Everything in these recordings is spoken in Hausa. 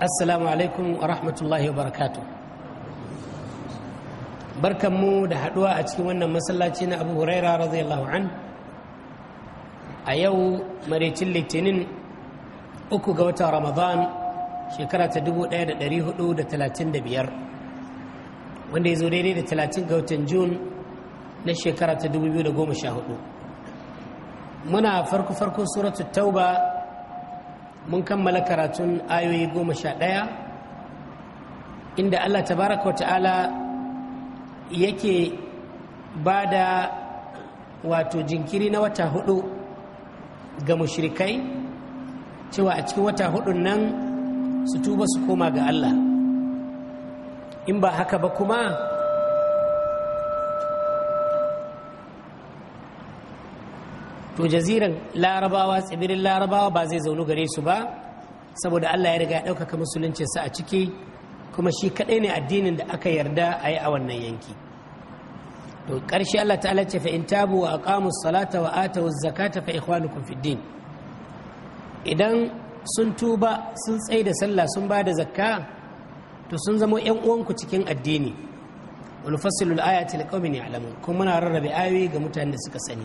assalamu alaikum wa rahmatullahi wa barakatu barkanmu da haduwa a cikin wannan masallaci na abu huraira radiyallahu an a yau maraicin litinin uku ga watan ramadan shekara ta 1435 wanda ya zo daidai da 30 ga watan jun na shekara ta 2014 muna farko-farko suratul tauba mun kammala karatun ayoyi goma sha ɗaya inda allah tabaraka wa ta'ala yake ba da wato jinkiri na wata hudu ga mushrikai cewa a cikin wata hudun nan su tuba su koma ga allah in ba haka ba kuma to jaziran larabawa tsibirin larabawa ba zai zaunu gare su ba saboda allah ya riga ya ɗaukaka musuluncinsa a ciki kuma shi kaɗai ne addinin da aka yarda a yi a wannan yanki to ƙarshe allah ta'ala ce fa in tabu wa aqamu salata wa atu zakata fa ikhwanukum fid din idan sun tuba sun tsaye da sallah sun ba da zakka to sun zama yan uwanku cikin addini wani fasilul ayatul qaumin ya'lamun kuma muna rarrabe ayoyi ga mutanen da suka sani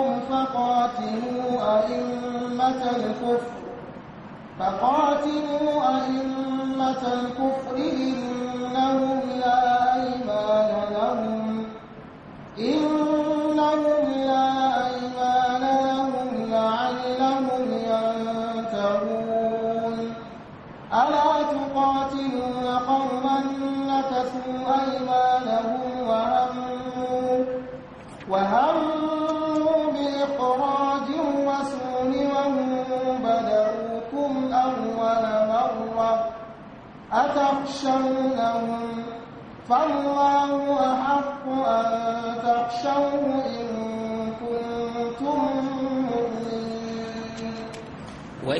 منهم فقاتلوا أئمة الكفر فقاتلوا أئمة الكفر إنهم لا أيمان لهم إنهم لا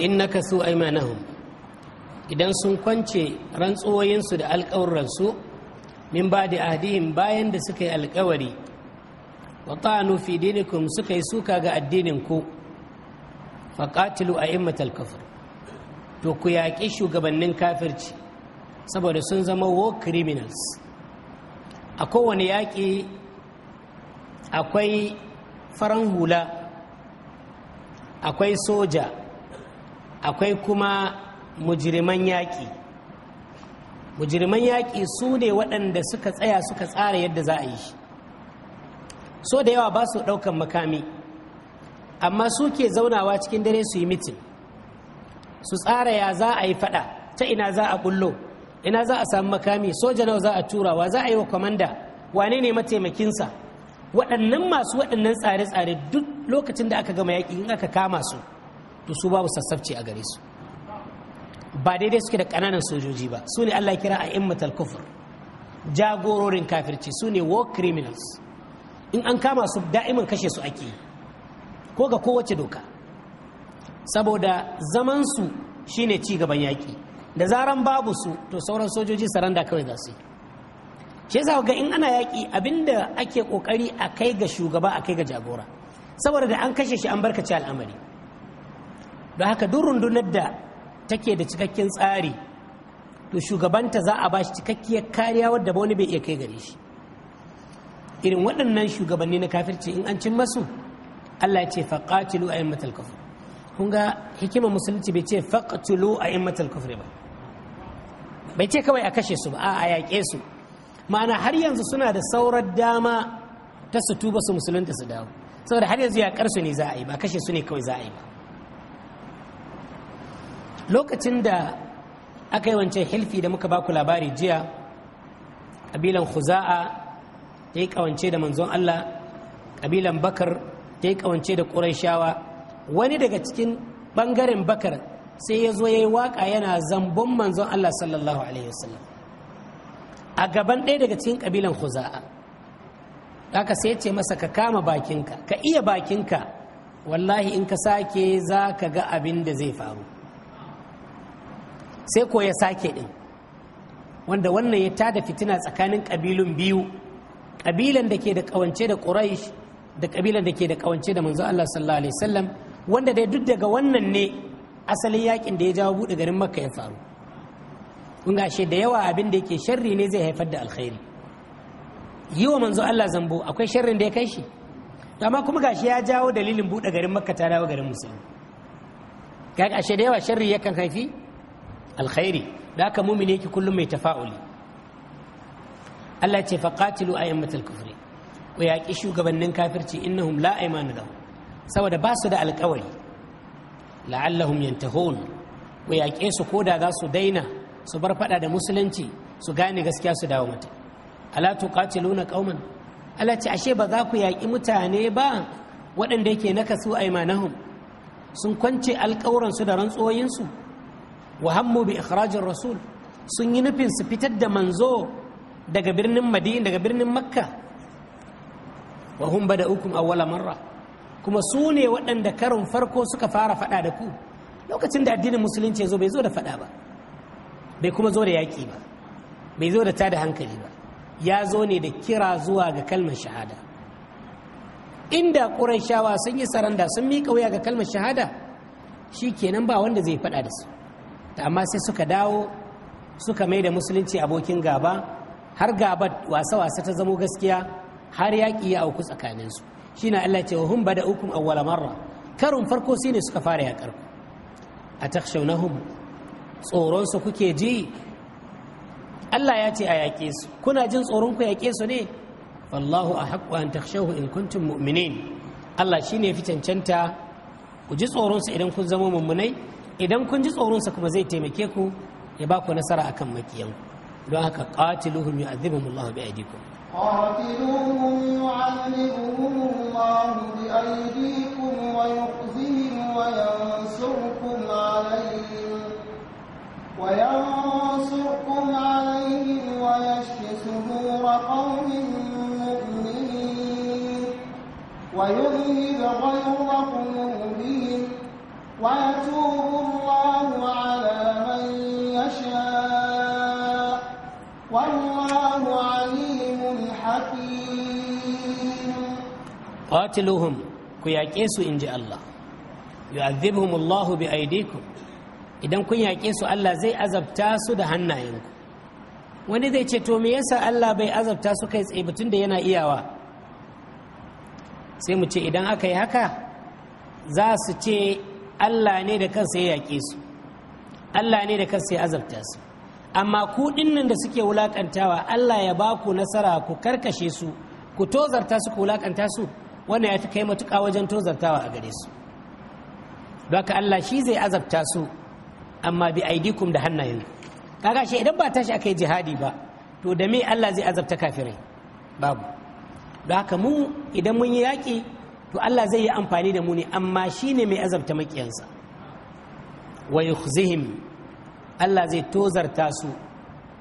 in nakasu aymanahum idan sun kwance rantsuwoyinsu da alƙawurransu min ba da ahdihim bayan da suka yi alƙawari wa ta'anu fi dinikum suka yi suka ga addinin ku a a'immatal kafir to ku yaƙi shugabannin kafirci saboda sun zama war criminals a kowane yaƙi akwai faran hula akwai soja akwai kuma mujiriman yaƙi mujiriman yaƙi su ne waɗanda suka tsaya suka tsara yadda za a yi so da yawa ba su ɗaukan makami amma su ke zaunawa cikin dare su yi mitin su tsara ya za a yi faɗa ta ina za a ƙullo ina za a samu makami soja nawa za a turawa za a yi wa kwamanda wane ne mataimakinsa waɗannan masu waɗannan tsare-tsare duk lokacin da aka gama yaƙi in aka kama su to su babu sassabci a gare su ba daidai suke da ƙananan sojoji ba su ne Allah kira a immatal kufur jagororin kafirci su ne war criminals in an kama su da'iman kashe su ake ko ga kowace doka saboda su shine ci gaban yaki. da zaran babu su to sauran sojoji saranda kawai za su yi shi ga in ana yaƙi abinda ake kokari a kai ga shugaba a kai ga jagora saboda da an kashe shi an ci al'amari don haka duk rundunar da take da cikakken tsari to shugabanta za a ba shi cikakkiyar kariya wadda ba wani bai iya kai gare shi irin waɗannan shugabanni na kafirci in an cin masu Allah ce a a'immatal kufr kun ga hikimar musulunci bai ce a a'immatal kufr ba bai ce kawai a kashe su ba a yaƙe su ma'ana har yanzu suna da saurar dama ta su tuba su musulunta su dawo saboda har yanzu ya karsu ne za a yi ba kashe su ne kawai za a yi ba lokacin da aka yi wancan hilfi da muka baku labari jiya ƙabilan khuza'a ta yi ƙawance da manzon Allah ƙabilan bakar ta yi ƙawance da ƙurashawa wani daga cikin ɓangaren bakar sai ya zo ya yi waƙa yana zambon manzon Allah sallallahu alaihi wasallam a gaban ɗaya daga cikin ƙabilan khuza'a haka sai ce masa ka kama bakinka ka iya bakinka wallahi in ka sake za ka ga abin da zai faru sai ko ya sake ɗin wanda wannan ya tada fitina tsakanin ƙabilun biyu ƙabilan da ke da ƙawance da ƙuraish da ƙabilan da ke da ƙawance da manzo Allah sallallahu alaihi wasallam wanda dai duk daga wannan ne asalin yakin da ya jawo buɗe garin makka ya faru kun gashe da yawa abin da yake sharri ne zai haifar da alkhairi yi wa manzo Allah zambo akwai sharrin da ya kai shi amma kuma gashi ya jawo dalilin buɗe garin makka ta dawo garin musulmi ga gashe da yawa sharri yakan haifi alkhairi da haka mumini yake kullum mai tafa'uli Allah ce faqatilu ayyamatul kufri ku yaƙi shugabannin kafirci innahum la aymanu lahum saboda ba su da alkawari la'allahum yantahun ku yaƙe su koda za su daina su bar fada da musulunci su gane gaskiya su dawo mata ala tuqatiluna qauman Allah ce ashe ba za ku yaƙi mutane ba waɗanda yake nakasu aymanahum sun kwance alƙawuransu da rantsuwoyinsu wa hammu bi ikhrajin rasul sun yi nufin su fitar da manzo daga birnin madina daga birnin makka wa da bada'ukum awwala marra kuma su ne waɗanda karin farko suka fara faɗa da ku lokacin da addinin musulunci ya zo bai zo da faɗa ba bai kuma zo da yaƙi ba bai zo da tada hankali ba ya zo ne da kira zuwa ga kalmar shahada da ƙurayshawa sun yi saranda sun miƙa wuya ga kalmar shahada shi kenan ba wanda zai faɗa da su amma sai suka dawo suka mai da musulunci abokin gaba har gaba wasa-wasa ta zamo gaskiya har yaƙi ya auku tsakaninsu shi na Allah ce wa hun bada ukun awwala marra karin farko sai ne suka fara yaƙar ku a hun tsoronsu kuke ji Allah ya ce a yaƙe su kuna jin tsoron ku yaƙe su ne wallahu a haƙƙo an takshahu in kuntum mu'minin Allah shi ne fi cancanta ku ji tsoronsu idan kun zama mummunai idan kun ji tsoronsa kuma zai taimake ku ya ba ku nasara akan makiyan don haka qatiluhum yu'adhibuhum Allah bi aydikum qatiluhum yu'adhibuhum Allah bi aydikum wa yukhzihim wa yansurkum alayhim wa yansurkum alayhim wa yashfi sudur qaumin mu'minin wa yudhhibu ghayra ويتوب ku على من يشاء والله عليم حكيم قاتلوهم الله يعذبهم الله idan kun yaƙe su Allah zai azabta su da hannayenku wani zai ce to me yasa Allah bai azabta su kai tsaye da yana iyawa sai mu ce idan aka yi haka za su ce Allah ne da kansa ya yaƙe su Allah ne da kansa ya azabta su amma ku dinnan da suke wulakantawa Allah ya ba ku nasara ku karkashe su ku tozarta su ku wulakanta su wannan ya fi kai matuƙa wajen tozartawa a gare su baka Allah shi zai azabta su amma bi aidikum da hannayen kaga shi idan ba tashi akai jihadi ba to da me Allah zai azabta kafirai babu don haka mu idan mun yi yaƙi to Allah zai yi amfani da mu ne amma shi ne mai azabta makiyansa wa yukhzihim Allah zai tozarta su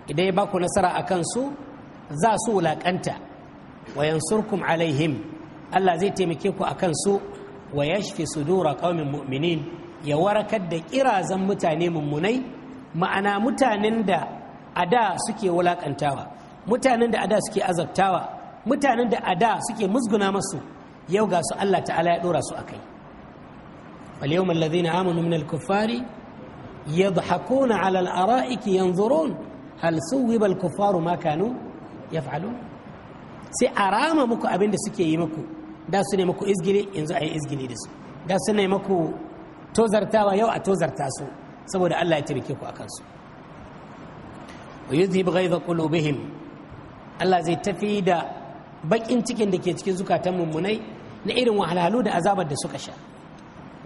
idan ya baku nasara a kansu za su wulaƙanta wa yansurkum alaihim Allah zai taimake ku a kansu wa yashfi sudura qaumin mu'minin ya warakar da kirazan mutane mummunai ma'ana mutanen da ada suke wulaƙantawa mutanen da ada suke azabtawa mutanen da a da suke musguna masu yau ga su Allah ta'ala ya dora su akai wal yawmal ladhina amanu minal kuffari yadhakuna 'ala al-ara'iki yanzurun hal suwiba al-kuffaru ma kanu yaf'alun sai arama muku abin da suke yi muku da su ne muku izgili yanzu ayi izgili da su da su ne muku tozartawa yau a tozarta su saboda Allah ya tirke ku akan su wa yuzhib ghaiza qulubihim Allah zai tafi da bakin cikin da ke cikin zukatan mummunai na irin wahalhalu da azabar da suka sha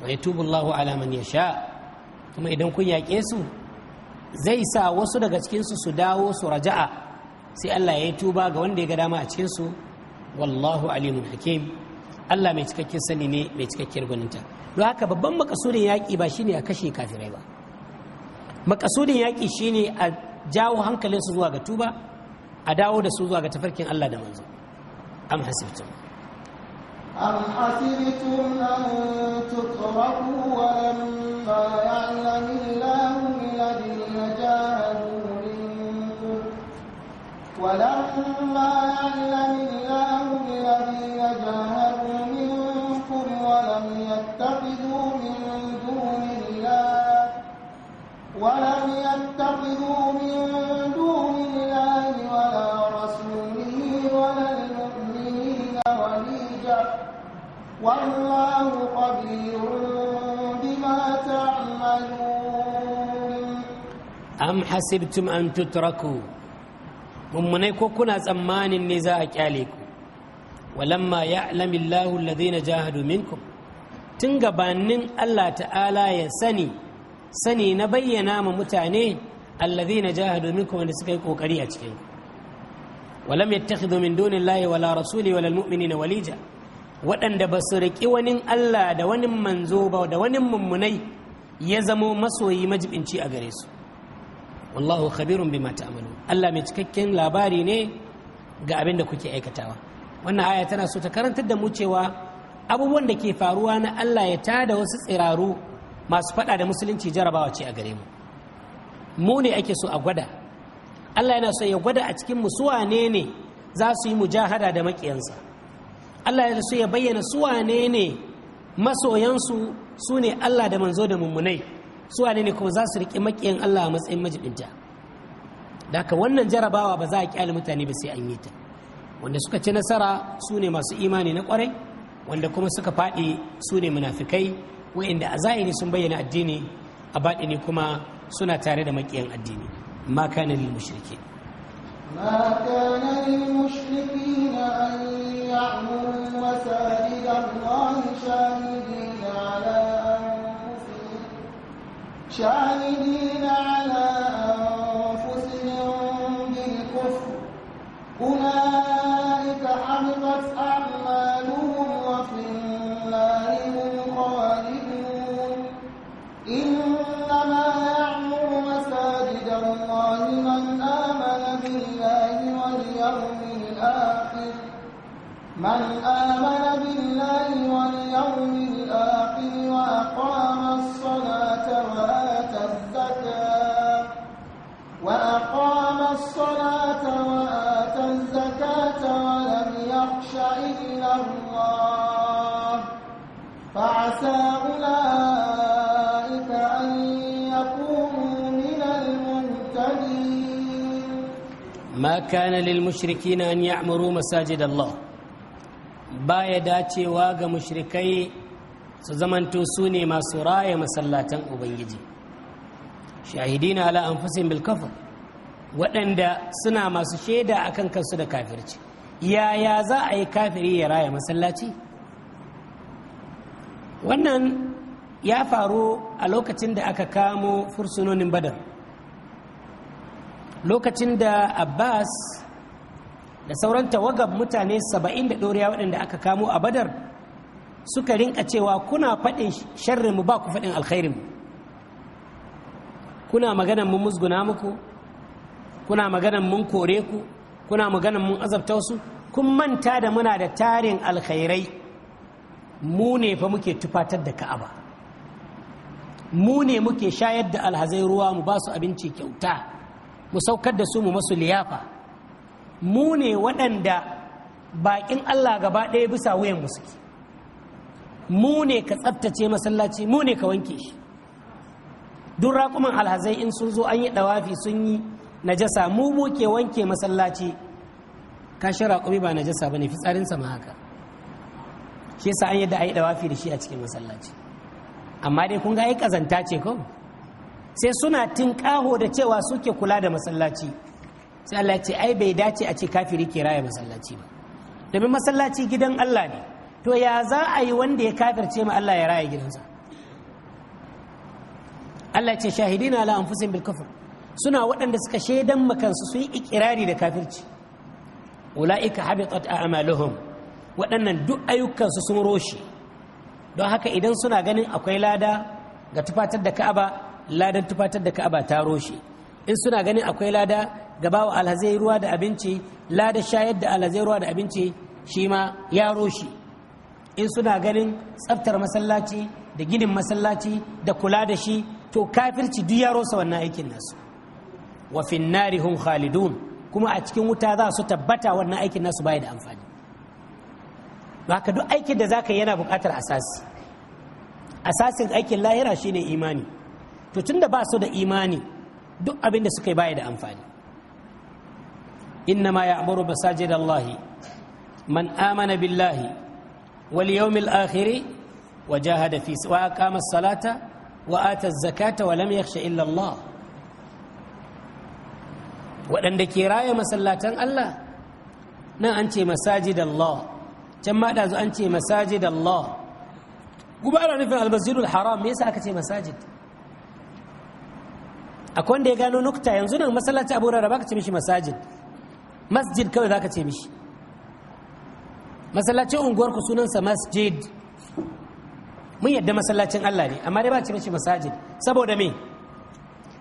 wa yatubu Allahu ala man yasha kuma idan kun yaƙe su zai sa wasu daga cikinsu su dawo su raja'a sai Allah ya yi tuba ga wanda ya ga dama a cikinsu wallahu alimun hakim Allah mai cikakken sani ne mai cikakkiyar gwaninta don haka babban makasudin yaƙi ba shine a kashe kafirai ba makasudin yaƙi shine a jawo hankalinsu zuwa ga tuba a dawo da su zuwa ga tafarkin Allah da manzo am hasibtum أم حسبتم أن تتركوا ولما يعلم الله الذين جاهدوا منكم ولما يعلم الله الذين جاهدوا منكم ولم يتخذوا من دون الله ولم يتخذوا من والله قدير بما تعملون أم حسبتم أن تتركوا mummunai ko kuna tsammanin ne za a kyale ku walamma ya alamillahu alladhina jahadu minkum tun gabanin Allah ta'ala ya sani sani na bayyana ma mutane alladhina jahadu minkum wanda suka yi kokari a cikin walam yattakhidhu min dunillahi wala rasuli wala almu'minina walija waɗanda ba su riƙi wani Allah da wani manzo ba da wani mummunai ya zamo masoyi majibinci a gare su wallahu khabirun bima ta'malu Allah mai cikakken labari ne ga abin da kuke aikatawa wannan aya tana so ta karantar da mu cewa abubuwan da ke faruwa na Allah ya tada wasu tsiraru masu faɗa da musulunci jarabawa ce a gare mu mu ne ake so a gwada Allah yana so ya gwada a cikin mu wane ne za su yi mujahada da maƙiyansa Allah ya sai ya bayyana su wane ne masoyansu su ne Allah da manzo da mummunai su wane ne kuma za su riƙe maƙiyan Allah a matsayin majibinta da aka wannan jarabawa ba za a ƙyale mutane ba sai an yi ta wanda suka ci nasara su ne masu imani na ƙwarai wanda kuma suka faɗi su ne munafikai wa'inda a zahiri sun bayyana addini a baɗi ne kuma suna tare da maƙiyan addini ma kana mushrikin ما كان للمشركين أن يعمروا مساجد الله شاهدين على أنفسهم شاهدين على أنفسهم بالكفر أولئك حبطت أعمالهم وفي النار هم خالدون إنما يعمل ذكر الله من آمن بالله واليوم الآخر من آمن بالله واليوم الآخر وأقام الصلاة وآتى الزكاة وأقام الصلاة وآتى الزكاة ولم يخش إلا الله فعسى أولئك ma kana lil mushrikina an ya'muru masajid Allah baya dacewa ga mushrikai su zamanto su ne masu raya masallatan ubangiji shahidina ala anfusihim bil waɗanda suna masu shaida akan kansu da kafirci yaya za a yi kafiri ya raya masallaci wannan ya faru a lokacin da aka kamo fursunonin badar lokacin da abbas da sauran tawagar mutane saba'in da ɗoriya waɗanda aka kamo a badar suka rinka cewa kuna faɗin sharrinmu ba ku faɗin alkhairinmu kuna maganan mun musguna muku kuna maganan mun kore ku kuna maganan mun azabta wasu? kun manta da muna da tarin alkhairai mu ne fa muke tufatar da ka'aba mu ne muke shayar da alhazai ruwa mu ba su abinci kyauta mu saukar da su mu masu liyafa mu ne waɗanda baƙin Allah gaba ɗaya bisa wuyan mu suke mu ne ka tsabtace masallaci mu ne ka wanke shi duk raƙuman alhazai in sun zo an yi ɗawafi sun yi najasa mu mu wanke masallaci ka shi raƙumi ba najasa ba ne fitsarinsa ma haka shi yasa an yadda a yi ɗawafi da shi a cikin masallaci amma dai kun ga ai ƙazanta ce ko sai suna tinƙaho da cewa suke kula da masallaci sai Allah ce ai bai dace a ce kafiri ke raya masallaci ba domin masallaci gidan Allah ne to ya za a yi wanda ya kafirce ma Allah ya raya gidansa Allah ce shahidina ala anfusin bil kufr suna waɗanda suka shaidan makansu su yi ikirari da kafirci ula'ika habitat a'maluhum waɗannan duk ayyukansu sun roshi don haka idan suna ganin akwai lada ga tufatar da ka'aba ladan tufatar da ka'aba ta roshe in suna ganin akwai lada gaba wa alhazai ruwa da abinci lada shayar da alhazai ruwa da abinci shi ma ya roshe in suna ganin tsaftar masallaci da ginin masallaci da kula da shi to kafirci duk ya rosa wannan aikin nasu wa finnari hum khalidun kuma a cikin wuta za su tabbata wannan aikin nasu baya da amfani haka duk aikin da za zaka yana bukatar asasi asasin aikin lahira shine imani to tunda ba su da imani duk abin da suka yi baya da amfani innama ya amuru basajid Allah man amana billahi wal yawmil akhiri wa jahada fi wa aqama salata wa ata zakata wa lam yakhsha illa Allah waɗanda ke raya masallatan Allah nan an ce masajid Allah can ma an ce masajid Allah gubara nufin albasirul haram me yasa aka ce masajid akwai wanda ya gano nukta yanzu nan masallaci abu rarraba ka ce mishi masajid masjid kawai za ka ce mishi masallacin unguwarku sunansa masjid mun yadda masallacin Allah ne amma dai ba ce mishi masajid saboda me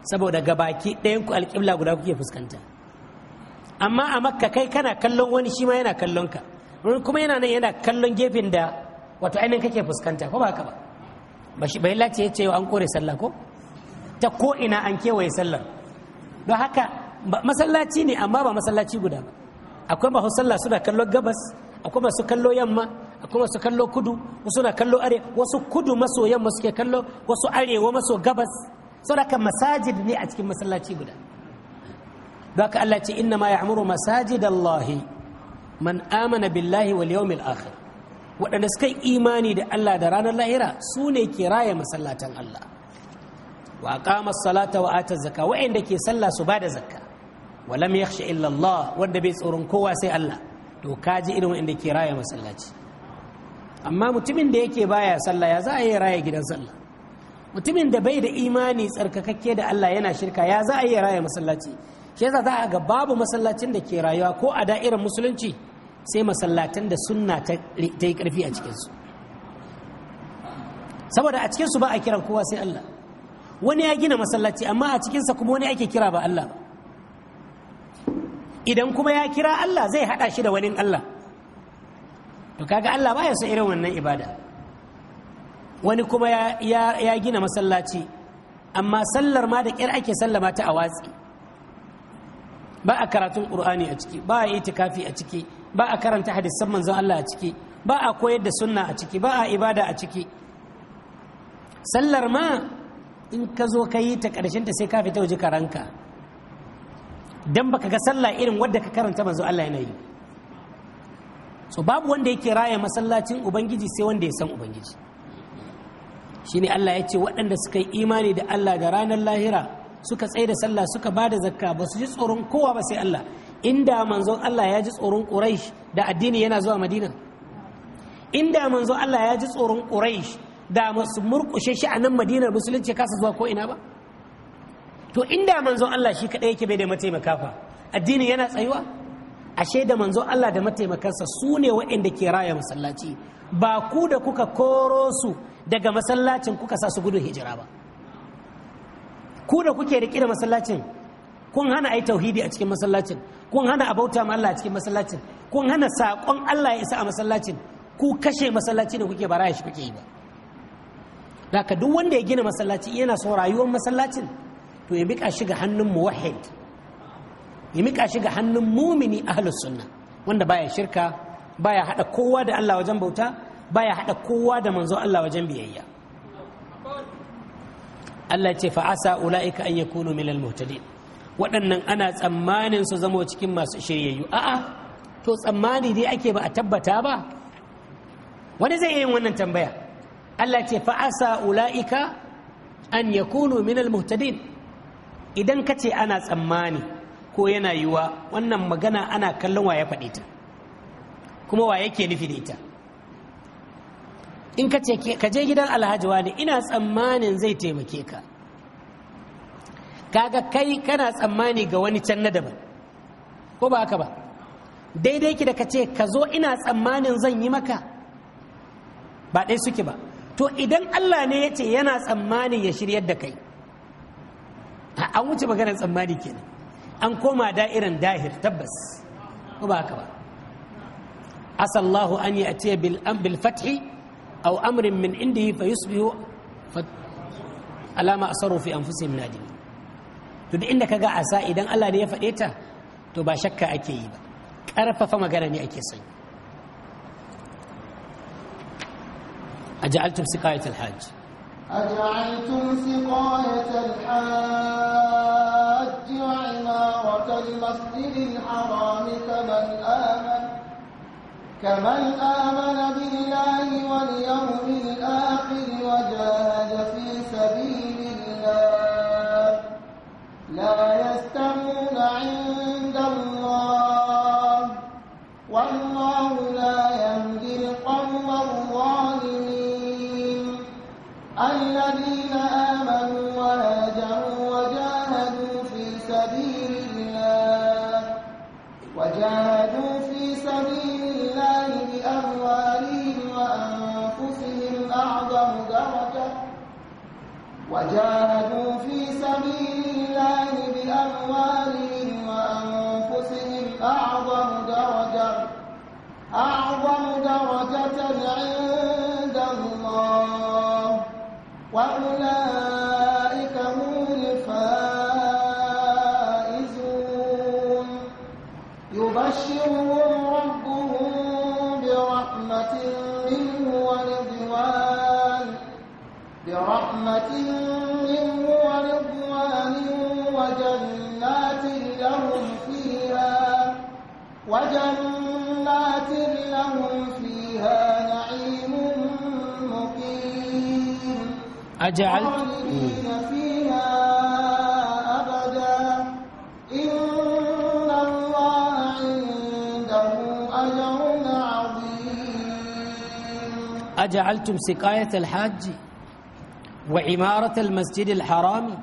saboda gabaki ɗayan ku alƙibla guda kuke fuskanta amma a makka kai kana kallon wani shi ma yana kallon ka kuma yana nan yana kallon gefen da wato ainihin kake fuskanta ko ba haka ba bai lace ya ce an kore sallah ko ta ko ina an kewaye sallar don haka masallaci ne amma ba masallaci guda ba akwai masu sallah suna kallo gabas akwai masu kallo yamma akwai masu kallo kudu wasu na kallo are wasu kudu maso yamma suke kallo wasu arewa maso gabas saboda masajid ne a cikin masallaci guda don haka Allah ce inna ma ya'muru masajid Allahi man amana billahi wal yawmil akhir waɗanda suka imani da Allah da ranar lahira su ne kiraya masallatan Allah wa aqama salata wa ata zakka wa'inda ke sallah su bada zakka wa lam yakhsha illa Allah wanda bai tsoron kowa sai Allah to kaji irin wanda ke raya masallaci amma mutumin da yake baya sallah ya za a yi raya gidan sallah mutumin da bai da imani tsarkakakke da Allah yana shirka ya za a yi raya masallaci shi yasa za a ga babu masallacin da ke rayuwa ko a da'irar musulunci sai masallatan da sunna ta yi karfi a cikinsu saboda a cikinsu ba a kiran kowa sai Allah wani ya gina masallaci amma a cikinsa kuma wani ake kira ba Allah ba idan kuma ya kira Allah zai haɗa shi da wani Allah to kaga Allah baya so irin wannan ibada wani kuma ya gina masallaci amma sallar ma da ƙyar ake sallama ta a watsi ba a karatun ƙur'ani a ciki ba a itikafi a ciki ba a karanta hadisan manzon Allah a ciki ba a koyar da sunna a ciki ba a ibada a ciki sallar ma in ka zo ka yi ta ƙarshen ta sai ka fita waje karanka ranka dan baka ga sallah irin wadda ka karanta manzo Allah yana yi so babu wanda yake raya masallacin ubangiji sai wanda ya san ubangiji shine Allah ya ce waɗanda suka yi imani da Allah da ranar lahira suka tsaye da sallah suka ba da zakka ba su ji tsoron kowa ba sai Allah inda manzon Allah ya ji tsoron Quraysh da addini yana zuwa Madina inda manzon Allah ya ji tsoron Quraysh da masu murƙushe shi a nan madinar musulunci kasa zuwa ko ina ba to inda manzon Allah shi kaɗai yake bai da mataimaka fa addini yana tsayuwa ashe da manzon Allah da mataimakansa su ne waɗanda ke raya masallaci ba ku da kuka koro su daga masallacin kuka sa su gudu hijira ba ku da kuke riƙe da masallacin kun hana ai tauhidi a cikin masallacin kun hana abauta ma Allah a cikin masallacin kun hana saƙon Allah ya isa a masallacin ku kashe masallaci da kuke ba raya shi kuke yi ba zaka duk wanda ya gina masallaci yana so rayuwar masallacin to ya mika shi ga hannun muwahhid ya mika shi ga hannun mumini ahlus sunna wanda baya shirka baya hada kowa da Allah wajen bauta baya hada kowa da manzo Allah wajen biyayya Allah ce fa'asa ula'ika an yakunu minal muhtadin waɗannan ana tsammanin su zama cikin masu shiryayyu a'a to tsammani dai ake ba a tabbata ba wani zai yin wannan tambaya Allah ce fa'asa ula'ika an ya kunu minal muhtadin idan ka ce ana tsammani ko yana yiwa wannan magana ana kallon wa ya ta kuma wa yake nufi da ita in ka ce ka je gidan alhaji wani ina tsammanin zai taimake ka kaga kai kana tsammani ga wani can na daban ko ba haka ba daidai ki da ka ce ka zo ina tsammanin zan yi maka ba ɗai suke ba to idan Allah ne ya ce yana tsammanin ya shiryar da kai an wuce maganar tsammani kenan an koma da'irin dahir tabbas ko ba haka ba asallahu an ya'tiya bil am bil fathi aw amrin min indihi fa yusbihu alama asaru fi anfusihim nadim to duk inda kaga asa idan Allah ne ya faɗe ta to ba shakka ake yi ba ƙarfafa magana ne ake sanyi أجعلتم سقاية الحاج أجعلتم سقاية الحاج وعمارة المسجد الحرام كمن آمن كمن آمن بالله واليوم الآخر وجاهد في سبيل الله لا يستمون عند الله والله وجاهدوا في سبيل الله بأموالهم ورحمة منه ورضوان وجنات لهم فيها وجنات لهم فيها نعيم مقيم أجعلت فيها أبدا إن الله عنده أجر عظيم أجعلتم سقاية الحاج وعمارة المسجد الحرام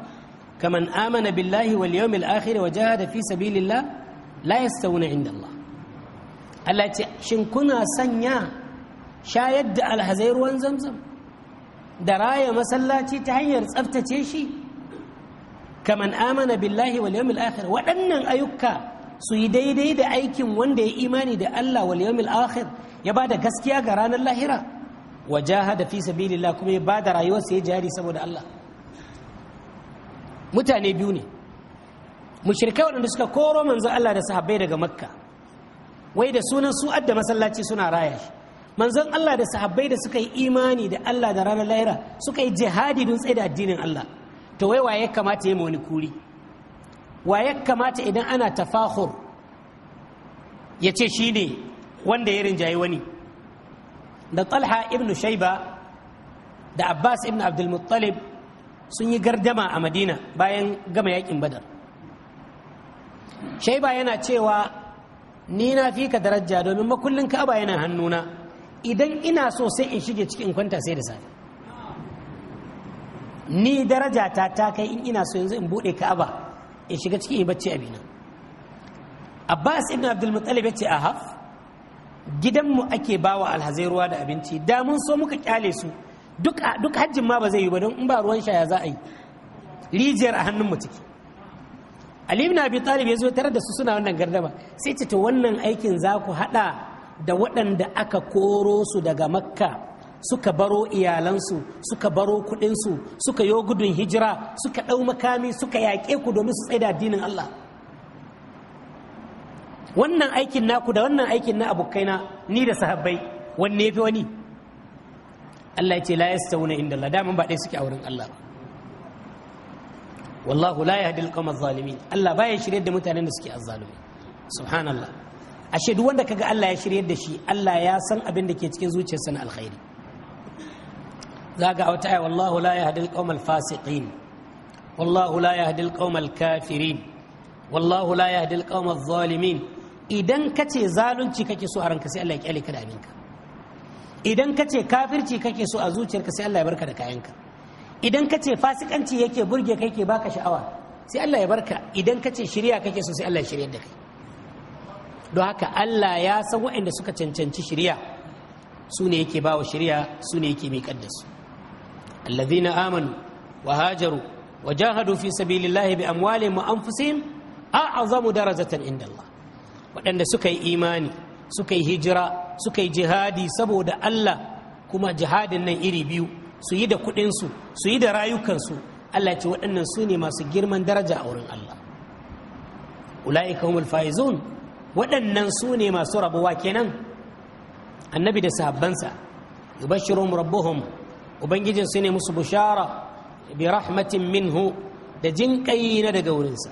كمن آمن بالله واليوم الآخر وجاهد في سبيل الله لا يستوون عند الله التي شنكنا سنيا شايد الهزير وان زمزم دراية مسلاتي تهير تسبتتي شي كمن آمن بالله واليوم الآخر وأن أيكا su yi daidai da aikin wanda ya imani da Allah wal yawmil akhir ya bada gaskiya ga ranar lahira Wajaha da fi sabilillah kuma ya bada rayuwarsa ya jari saboda Allah mutane biyu ne mushrikai waɗanda suka koro manzon Allah da sahabbai daga makka wai da sunan su adda masallaci suna raya shi manzon Allah da sahabbai da suka yi imani da Allah da ranar lahira suka yi jihadi don tsaye da addinin Allah to wai waye kamata ya wani kuri waye kamata idan ana tafahur ya ce shi ne wanda ya rinjaye wani da talha ibn shaiba da abbas ibn abdulmuttalib sun yi gardama a madina bayan gama yakin badar shaiba yana cewa ni na fi ka daraja domin makullin ka'aba yana hannuna idan ina so sai in shige ciki in kwanta sai da safe ni daraja ta ta kai in ina so yanzu in bude ka'aba in shiga ciki in bacci abina abbas ibn abdulmuttalib ya ce a haf. gidanmu ake bawa alhazai ruwa da abinci da mun so muka kyale su duk hajjin ma ba zai yi ba don in ba ruwan sha ya za a yi rijiyar a hannun mu ciki alim na abi talib ya zo tare da su suna wannan gardama sai ce wannan aikin za ku hada da waɗanda aka koro su daga makka suka baro iyalansu suka baro kuɗinsu suka yo gudun hijira suka ɗau makami suka yaƙe ku domin su tsaida addinin allah wannan aikin naku da wannan aikin na abokaina ni da sahabbai wanne fi wani Allah ya ce la yastawuna inda Allah daman ba ɗaya suke a wurin Allah wallahu la yahdi al-qawma zalimin Allah baya shirye da mutanen da suke azzalumi subhanallah ashe duk wanda kaga Allah ya shirye da shi Allah ya san abin da ke cikin zuciyarsa na alkhairi zaga wata aya wallahu la yahdi al-qawma al wallahu la yahdi al-qawma al wallahu la yahdi al-qawma adh idan ka ce zalunci kake so a ranka sai Allah ya kyale ka da abinka idan ka ce kafirci kake so a zuciyarka sai Allah ya barka da kayanka idan ka ce fasikanci yake burge kai ke baka sha'awa sai Allah ya barka idan ka ce shirya kake so sai Allah ya shiryar da kai don haka Allah ya san waɗanda suka cancanci shirya su ne yake bawa shirya su ne yake miƙar da su allazina amanu wa hajaru wa jahadu fi sabilillahi bi amwalihim wa anfusihim a'azamu darajatan inda Allah waɗanda suka yi imani suka yi hijira suka yi jihadi saboda Allah kuma jihadin nan iri biyu su yi da kuɗinsu su yi da rayukansu Allah ce waɗannan su ne masu girman daraja a wurin Allah ula'ika faizun waɗannan su ne masu rabuwa kenan annabi da sahabbansa yubashshiruhum rabbuhum ubangijin su ne musu bushara bi rahmatin minhu da jinƙai na daga wurinsa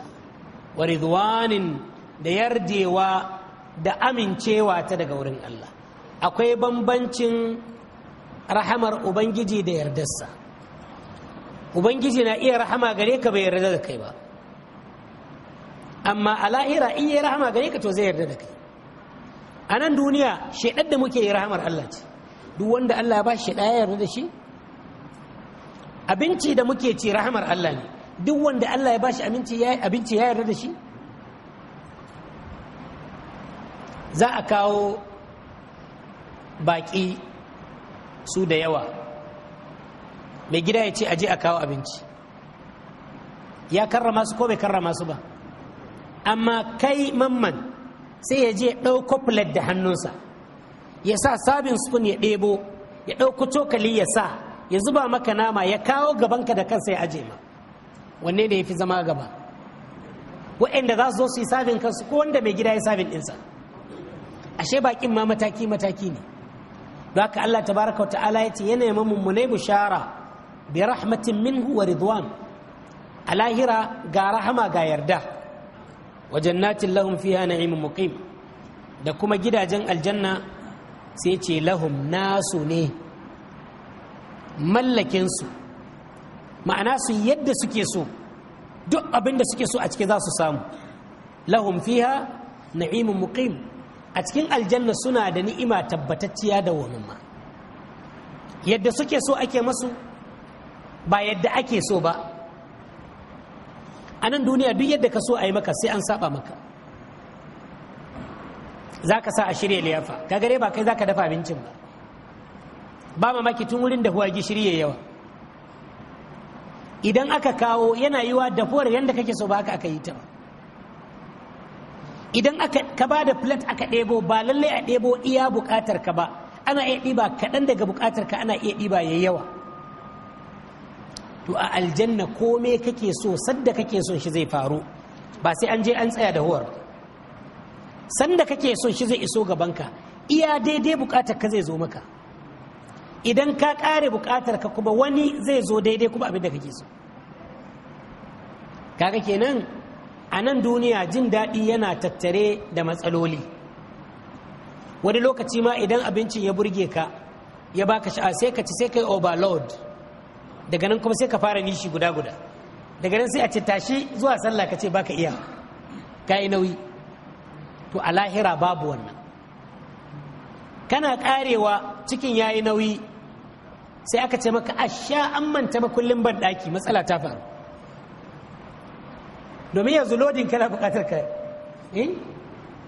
wa ridwanin da yardewa da amincewa ta daga wurin Allah akwai bambancin rahamar ubangiji da yardarsa ubangiji na iya rahama gare ka bai yarda da kai ba amma a lahira in yi rahama gare ka to zai yarda da kai a nan duniya shaidar da muke yi rahamar Allah ce duk wanda Allah ba shi ya yarda da shi abinci da muke ci rahamar Allah ne duk wanda Allah ya ba shi abinci ya yarda da shi za a kawo baƙi su da yawa mai gida ya ce aje a kawo abinci ya karrama su ko bai karrama su ba amma kai mamman sai ya je ɗauko filet da hannunsa ya sa sabin spoon ya ɗebo ya ɗauko cokali ya sa ya zuba maka nama ya kawo gabanka da kansa ya aje ma wanne da ya fi zama gaba waɗanda za su zo su yi sabin kansu ko wanda mai gida ya sabin ɗinsa ashe bakin ma mataki mataki ne don haka Allah tabaraka wa ta'ala ya yana yi mummunai bishara bi rahmatin minhu wa ridwan a lahira ga rahama ga yarda wa jannatin lahum fiha na'imun muqim da kuma gidajen aljanna sai ce lahum nasu ne mallakinsu ma'ana su yadda suke so duk abin da suke so a ciki za su samu lahum fiha na'imun muqim a cikin aljanna suna da ni'ima tabbatacciya da ma yadda suke so ake masu ba yadda ake so ba a nan duniya duk yadda ka so a yi maka sai an saba maka za ka sa a shirya liyafa gagare ba kai za ka dafa abincin ba ba mamaki tun wurin da huwa shirya yawa idan aka kawo yana yiwa dafuwar yadda kake so ba haka aka yi ta ba idan aka ka ba da plant aka ɗebo ba lallai a ɗebo iya buƙatar ka ba ana iya ɗiba kaɗan daga buƙatar ka ana iya ɗiba ya yawa to a aljanna kome kake so sadda kake son shi zai faru ba sai an je an tsaya da huwar sanda kake son shi zai iso gabanka iya daidai buƙatar ka zai zo maka idan ka ƙare buƙatar ka kuma wani zai zo daidai kuma abinda kake so kaga kenan a nan duniya jin daɗi yana tattare da matsaloli wani lokaci ma idan abincin ya burge ka ya baka sha'a sai ka ci sai ka yi overload daga nan kuma sai ka fara nishi guda guda daga nan sai a ce tashi zuwa sallah ka ce baka iya ka nauyi to a lahira babu wannan kana karewa cikin yayi nauyi sai aka ce maka asha an manta makullin banɗaki matsala ta faru domin yanzu lodin kana bukatar eh?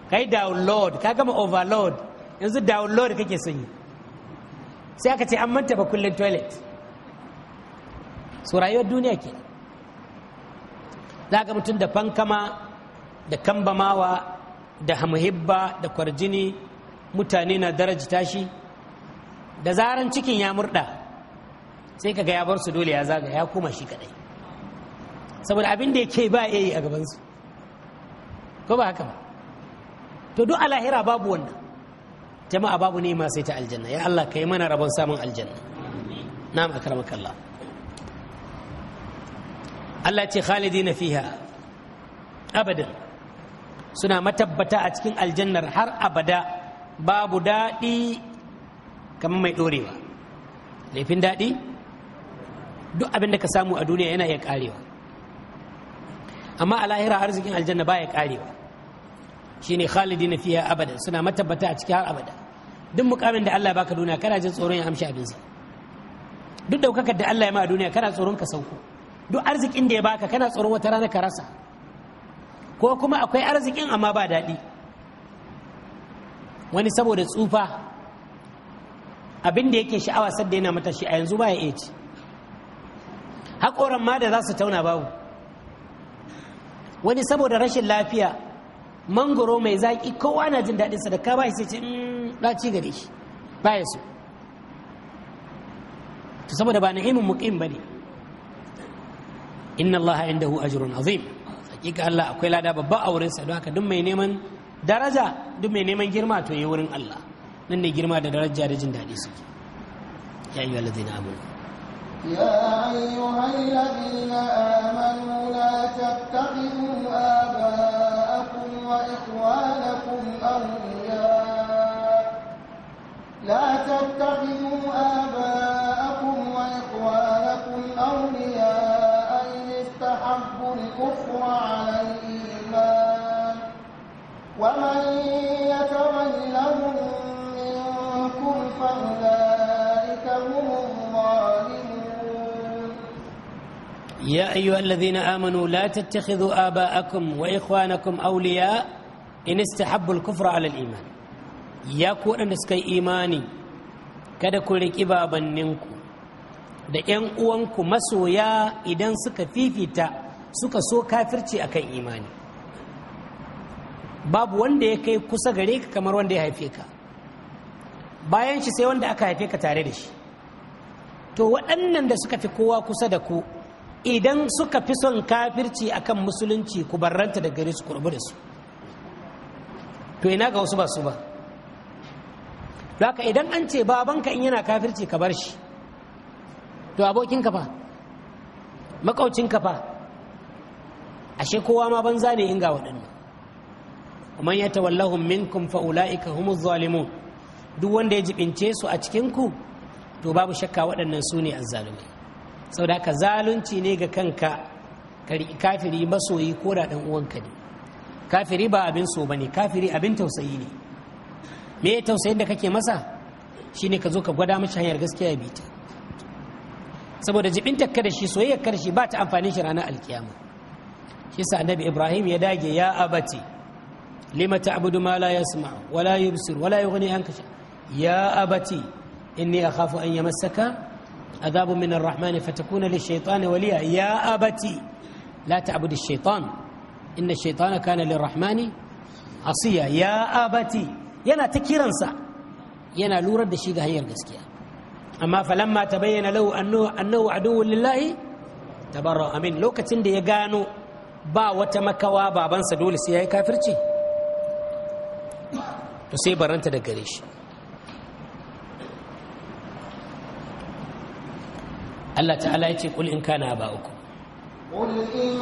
ka yi download ka gama overload yanzu download kake son yi sai aka ce an manta ba kullum toilet su rayuwar duniya ke za ga mutum da fankama da kambamawa da hamuhibba da kwarjini mutane na daraji tashi da zaran cikin ya murda sai ka ga ya bar su dole ya zaga ya koma shi kadai saboda abin da yake ba yayi a gabansu. ko ba haka ba to duk alahira babu wannan jama'a babu ne sai ta aljanna ya Allah kai mana rabon samun aljanna na'am akramaka Allah Allah ce khalidina fiha abadan suna matabbata a cikin aljannar har abada babu daɗi kamar mai ɗorewa laifin daɗi duk abin da ka samu a duniya yana iya ƙarewa amma a lahira arzikin aljanna baya karewa shine na fiye abada suna matabbata a cikin har abada duk mukamin da Allah baka duniya kana jin tsoron ya amshi abinsa duk daukakar da Allah ya ma a duniya kana tsoron ka sauko duk arzikin da ya baka kana tsoron wata rana ka rasa ko kuma akwai arzikin amma ba daɗi wani saboda tsufa abin da yake sha'awa sadda yana matashi a yanzu ba ya iya ci haƙoran ma da za su tauna babu wani saboda rashin lafiya mangoro mai zaki kowa na jin sa da ka ba shi sai ce ɗaci mm, gare shi ba ya so to saboda ba na'imin muqim bane inna allaha indahu ajrun azim hakika Allah akwai lada babba a wurin sa don haka duk mai neman daraja duk mai neman girma to yi wurin Allah nan ne girma da daraja da jin daɗi suke ya ayyuhallazina amanu يا أيها الذين آمنوا لا تتخذوا آباءكم وإخوانكم أولياء لا تتخذوا آباءكم وإخوانكم أولياء إن استحبوا الكفر على الإيمان ومن يتولهم منكم فأولئك هم يا أيها الذين آمنوا لا تتخذوا آباءكم وإخوانكم أولياء إن استحبوا الكفر على الإيمان يا كون yi إيماني kada ku riƙi babanninku da 'yan uwanku masoya idan suka fifita suka so kafirci akan imani babu wanda ya kai kusa gare ka kamar wanda ya haife ka bayan shi sai wanda aka haife ka tare da shi to waɗannan da suka fi kowa kusa da ku idan suka fi son kafirci akan musulunci ku barranta da gare su kurbu da su to ina ga wasu ba su ba haka idan an ce babanka in yana kafirci ka bar shi to abokin kafa makaucin ka fa ashe kowa ma banza ne in ga waɗannan man min minkum fa'ula'ika ulaika humuz duk wanda ya jibince su a cikinku, to babu shakka waɗannan su ne azzalumai Sau da ka zalunci ne ga kanka kafiri masoyi ko da ɗan uwanka ne kafiri ba abin so ba ne kafiri abin tausayi ne me ya tausayin da kake masa shine ka zo ka gwada mashi hanyar gaskiya bi ta saboda jibinta ka da shi soyayyar karshe ba ta amfani shi ranar alkiyama shi sa annabi ibrahim ya dage ya abati lima abudu ma la yasma wa la yubsir wa la yughni anka ya abati inni akhafu an yamassaka عذاب من الرحمن فتكون للشيطان وليا يا أبتي لا تعبد الشيطان إن الشيطان كان للرحمن عصيا يا أبتي ينا تكيرنسا ينا لورا دشيغا هير قسكيا أما فلما تبين له أنه, أنه عدو لله تبرأ أمين لو كتند يقانو با وتمكوا بابا سدول سياي كافرتي تسيبرنت دقريش Allah ta'ala ya ce kul in kana قل إن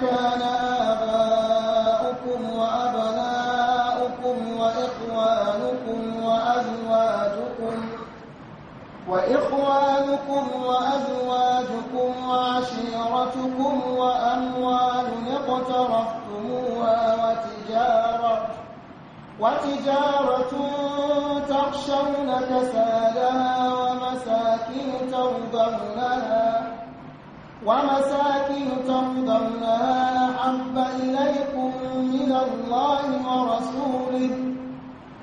كان آباؤكم وأبناؤكم وإخوانكم وأزواجكم وإخوانكم وأزواجكم وعشيرتكم وأموال اقترفتموها وتجارة وتجارة تخشون كسادها ومساكن ترضونها ومساكن ترضونها أحب إليكم من الله ورسوله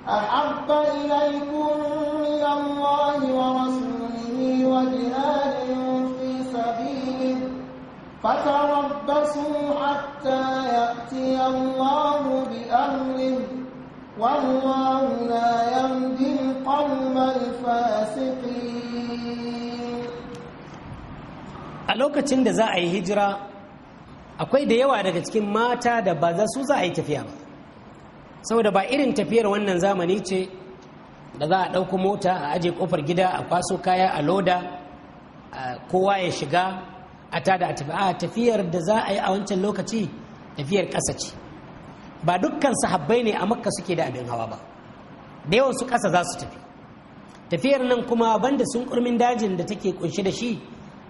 أحب إليكم من الله ورسوله وجهاد في سبيله فتربصوا حتى يأتي الله بأمره والله لا القوم الفاسقين a lokacin da za a yi hijira akwai da yawa daga cikin mata da ba za su za a yi tafiya ba saboda ba irin tafiyar wannan zamani ce da za a ɗauko mota a aje ƙofar gida a kwaso kaya a loda kowa ya shiga a tada a tafiyar da za a yi a wancan lokaci tafiyar ƙasa ce ba dukkan sahabbai ne a makka suke da abin hawa ba da yawan su ƙasa za su tafi tafiyar nan kuma banda sun kurmin dajin da take kunshe da shi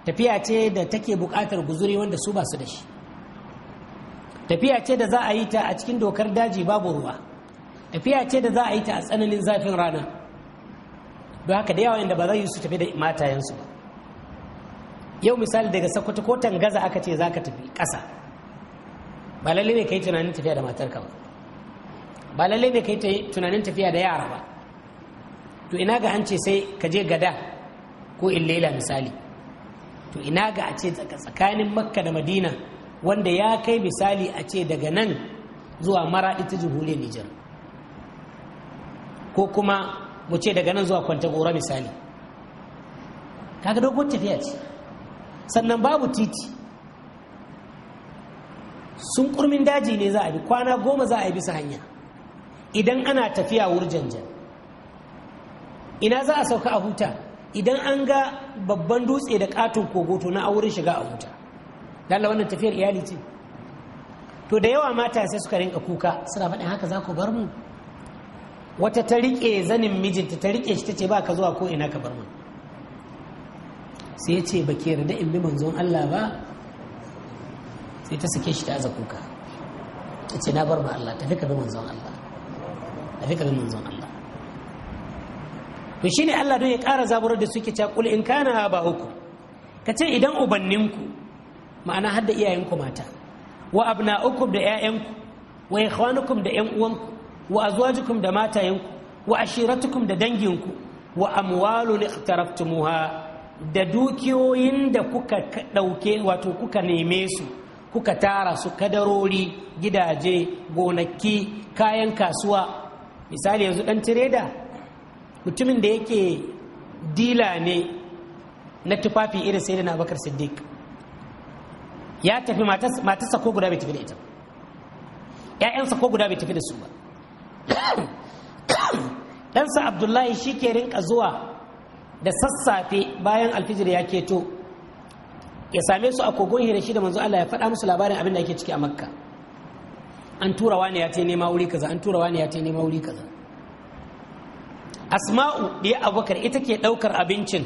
tafiya ce da take buƙatar guzuri wanda su ba su da shi tafiya ce da za a yi ta a cikin dokar daji babu ruwa tafiya ce da za a yi ta a tsananin zafin rana don haka da yawa da ba za yi su tafi da matayensu ba yau misali daga sakwato ko tangaza aka ce za ka tafi ƙasa ba lalle ne kai tunanin tafiya da matarka ba ba lalle ne kai tunanin tafiya da yara ba to ina ga an ce sai ka je gada ko illela misali to ina ga a ce tsakanin makka da madina wanda ya kai misali a ce daga nan zuwa maraɗi ta jihuliyar nijar ko kuma mu ce daga nan zuwa kwanta gora misali kaga dogon tafiya ce sannan babu titi sun kurmin daji ne za a bi kwana goma za a yi bisa hanya idan ana tafiya jan-jan. ina za a sauka a huta idan an ga babban dutse da katon kogoto na auren shiga a huta lalla wannan tafiyar iyali ce to da yawa mata sai suka rinka kuka suna faɗin haka za ku bar mu wata ta riƙe zanin mijinta ta riƙe shi ta ce ba ka zuwa ko ina ka bar mu sai ya ce ba ke yarda in bi manzon Allah ba sai ta sake shi ta aza kuka ta ce na bar ba Allah tafi ka bi manzon Allah tafi ka bi manzon Allah to shine Allah don ya ƙara zaburar da suke ta kul in kana ba huku ka ce idan ubanninku ma'ana har da iyayenku mata wa abna'ukum da 'ya'yanku wa ikhwanukum da 'yan uwanku wa azwajukum da matayenku wa ashiratukum da danginku wa amwalun iqtaraftumuha da dukiyoyin da kuka dauke wato kuka neme su kuka tara su kadarori gidaje gonaki kayan kasuwa misali yanzu dan tireda mutumin da yake dila ne na tufafi irin sai da na bakar siddiq ya tafi matarsa ko guda bai tafi da ita ‘ya'yansa ko guda bai tafi da su ba ɗansa abdullahi shi ke rinka zuwa da sassafe bayan alfijir ya keto ya same su a kogon hira shi da manzo Allah ya faɗa musu labarin abin da yake ciki a makka an tura wani ya ce nema wuri kaza an tura wani ya ce nema wuri kaza asma'u ɗaya abubakar ita ke ɗaukar abincin